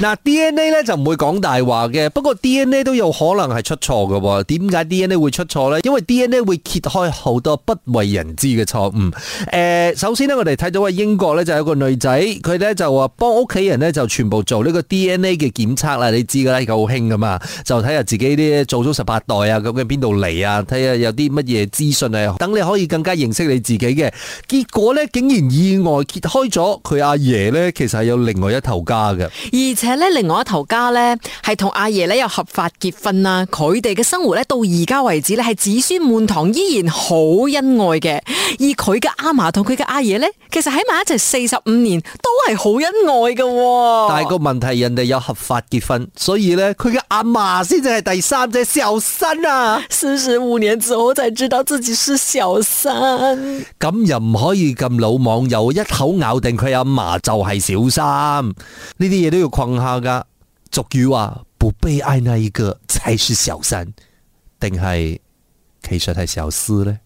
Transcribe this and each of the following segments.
嗱，DNA 咧就唔會講大話嘅，不過 DNA 都有可能係出錯嘅。點解 DNA 會出錯咧？因為 DNA 會揭開好多不為人知嘅錯誤。誒、呃，首先咧，我哋睇到個英國咧就有一個女仔，佢咧就話幫屋企人咧就全部做呢個 DNA 嘅檢測啦。你知噶啦，而家好興噶嘛，就睇下自己啲做咗十八代啊，究竟邊度嚟啊，睇下有啲乜嘢資訊啊，等你可以更加認識你自己嘅。結果咧，竟然意外揭開咗佢阿爺咧，其實係有另外一頭家嘅，咧，另外一頭家咧係同阿爺咧有合法結婚啦，佢哋嘅生活咧到而家為止咧係子孫滿堂，依然好恩愛嘅。而佢嘅阿嫲同佢嘅阿爺咧，其實喺埋一齊四十五年都係好恩愛嘅、哦。但係個問題，人哋有合法結婚，所以咧佢嘅阿嫲先至係第三者小三啊！四十五年之後我才知道自己是小三，咁又唔可以咁老網友一口咬定佢阿嫲就係小三呢啲嘢都要下噶，俗語話不被愛，那一個才是小三，定係其實係小四呢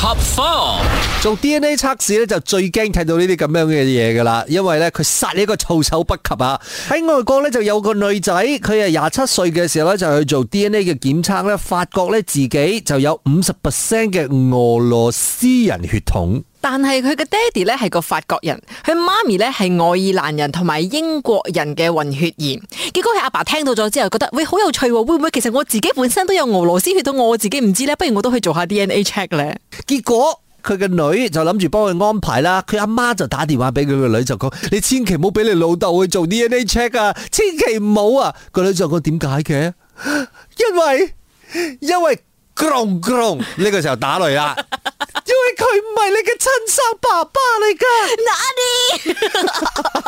？Top four 做 DNA 測試咧就最驚睇到呢啲咁樣嘅嘢噶啦，因為咧佢殺你一個措手不及啊！喺外國咧就有個女仔，佢係廿七歲嘅時候咧就去做 DNA 嘅檢測咧，發覺咧自己就有五十 percent 嘅俄羅斯人血統。但係佢嘅爹哋咧係個法國人，佢媽咪咧係愛爾蘭人同埋英國人嘅混血兒。結果佢阿爸,爸聽到咗之後，覺得喂好有趣喎，會唔會其實我自己本身都有俄羅斯血統，我自己唔知咧，不如我都去做下 DNA check 咧。結果佢個女就諗住幫佢安排啦，佢阿媽就打電話俾佢個女就講：你千祈唔好俾你老豆去做 DNA check 啊，千祈唔好啊！個女就講：點解嘅？因為因為。呢、這個時候打雷啦， 因為佢唔係你嘅親生爸爸嚟噶，哪裏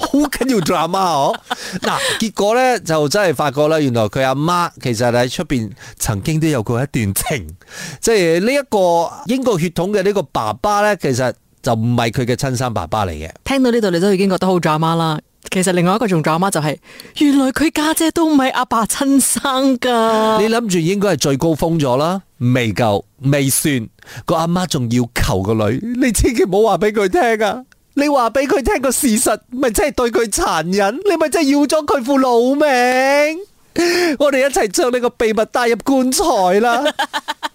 好緊要 drama 哦？嗱、啊，結果咧就真係發覺啦，原來佢阿媽，媽其實喺出邊曾經都有過一段情，即係呢一個英國血統嘅呢個爸爸咧，其實就唔係佢嘅親生爸爸嚟嘅。聽到呢度你都已經覺得好 drama 啦。其實另外一個仲 drama 就係，原來佢家姐都唔係阿爸親生噶。你諗住應該係最高峰咗啦，未夠未算。個阿媽仲要求個女，你千祈唔好話俾佢聽啊！你話俾佢聽個事實，咪真係對佢殘忍，你咪真係要咗佢副老命。我哋一齊將呢個秘密帶入棺材啦。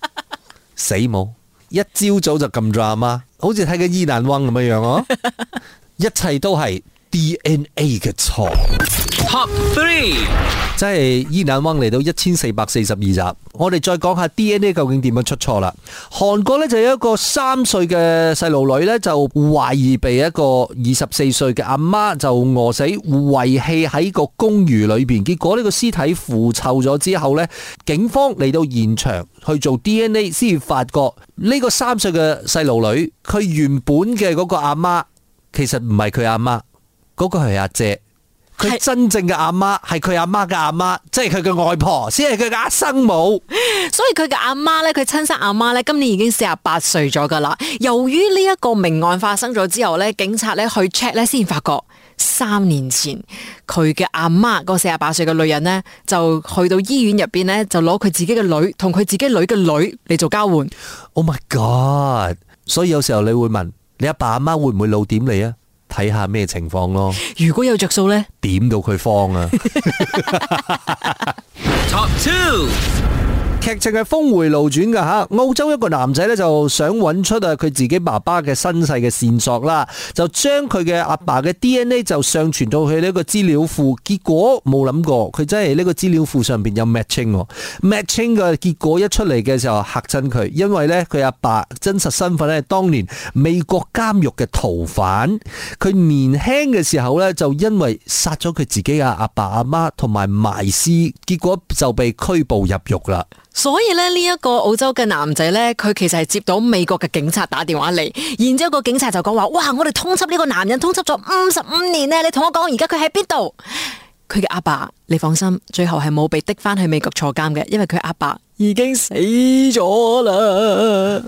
死冇，一朝早就咁 drama，好似睇緊伊蘭翁咁樣樣、啊、哦。一切都係。D N A 嘅錯 Top Three，即係《伊難汪》嚟到一千四百四十二集，我哋再講下 D N A 究竟點樣出錯啦。韓國呢就有一個三歲嘅細路女呢就懷疑被一個二十四歲嘅阿媽就餓死遺棄喺個公寓裏邊。結果呢個屍體腐臭咗之後呢，警方嚟到現場去做 D N A，先發覺呢個三歲嘅細路女佢原本嘅嗰個阿媽其實唔係佢阿媽。嗰個係阿姐，佢真正嘅阿媽係佢阿媽嘅阿媽，即係佢嘅外婆，先係佢嘅阿生母。所以佢嘅阿媽咧，佢親生阿媽咧，今年已經四十八歲咗噶啦。由於呢一個命案發生咗之後咧，警察咧去 check 咧，先發覺三年前佢嘅阿媽個四十八歲嘅女人咧，就去到醫院入邊咧，就攞佢自己嘅女同佢自己女嘅女嚟做交換。Oh my god！所以有時候你會問你阿爸阿媽會唔會老點你啊？睇下咩情況咯。如果有著數咧，點到佢慌啊！Top two。劇情係峰回路轉噶吓，澳洲一個男仔咧就想揾出啊佢自己爸爸嘅身世嘅線索啦，就將佢嘅阿爸嘅 DNA 就上傳到去呢個資料庫，結果冇諗過佢真係呢個資料庫上邊有 matching，matching 嘅結果一出嚟嘅時候吓親佢，因為呢，佢阿爸真實身份咧係當年美國監獄嘅逃犯，佢年輕嘅時候呢，就因為殺咗佢自己啊阿爸阿媽同埋埋屍，結果就被拘捕入獄啦。所以咧，呢一個澳洲嘅男仔呢，佢其實係接到美國嘅警察，打電話嚟，然之後個警察就講話：哇，我哋通緝呢個男人，通緝咗五十五年呢。你同我講而家佢喺邊度？佢嘅阿爸，你放心，最後係冇被逼翻去美國坐監嘅，因為佢阿爸，爸已經死咗啦。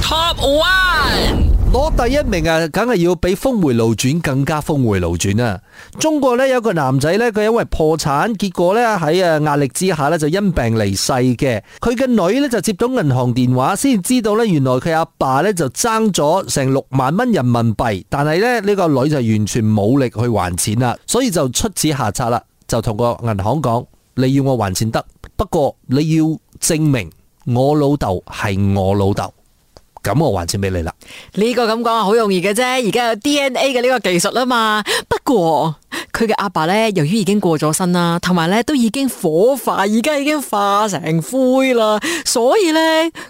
Top one。攞第一名啊，梗係要比峰回路轉更加峰回路轉啦！中國呢，有一個男仔呢，佢因為破產，結果呢喺啊壓力之下呢，就因病離世嘅。佢嘅女呢，就接到銀行電話，先知道呢，原來佢阿爸呢，就爭咗成六萬蚊人民幣，但係呢，呢個女就完全冇力去還錢啦，所以就出此下策啦，就同個銀行講：你要我還錢得，不過你要證明我老豆係我老豆。咁我還錢俾你啦！呢個咁講好容易嘅啫。而家有 DNA 嘅呢個技術啊嘛。不過佢嘅阿爸呢，由於已經過咗身啦，同埋呢都已經火化，而家已經化成灰啦。所以呢，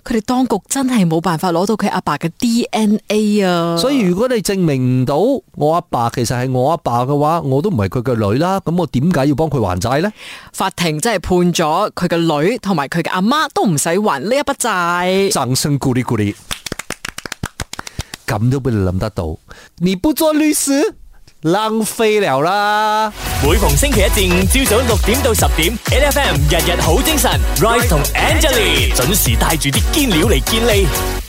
佢哋當局真係冇辦法攞到佢阿爸嘅 DNA 啊。所以如果你證明唔到我阿爸其實係我阿爸嘅話，我都唔係佢嘅女啦。咁我點解要幫佢還債呢？法庭真係判咗佢嘅女同埋佢嘅阿媽都唔使還呢一筆債。掌聲鼓勵鼓勵。咁都俾你諗得到？你不做律師，浪費了啦！每逢星期一至五，朝早六點到十點，NFM 日日好精神，Rise 同 Angelina 準時帶住啲堅料嚟見你。